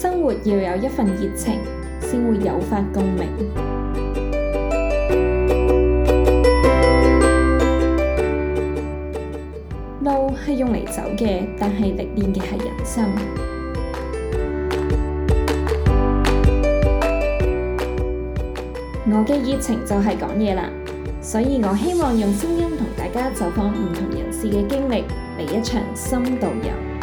生活要有一份熱情，先會有發共鳴。路係用嚟走嘅，但係歷練嘅係人生。我嘅熱情就係講嘢啦，所以我希望用聲音同大家走訪唔同人士嘅經歷，嚟一場深度遊。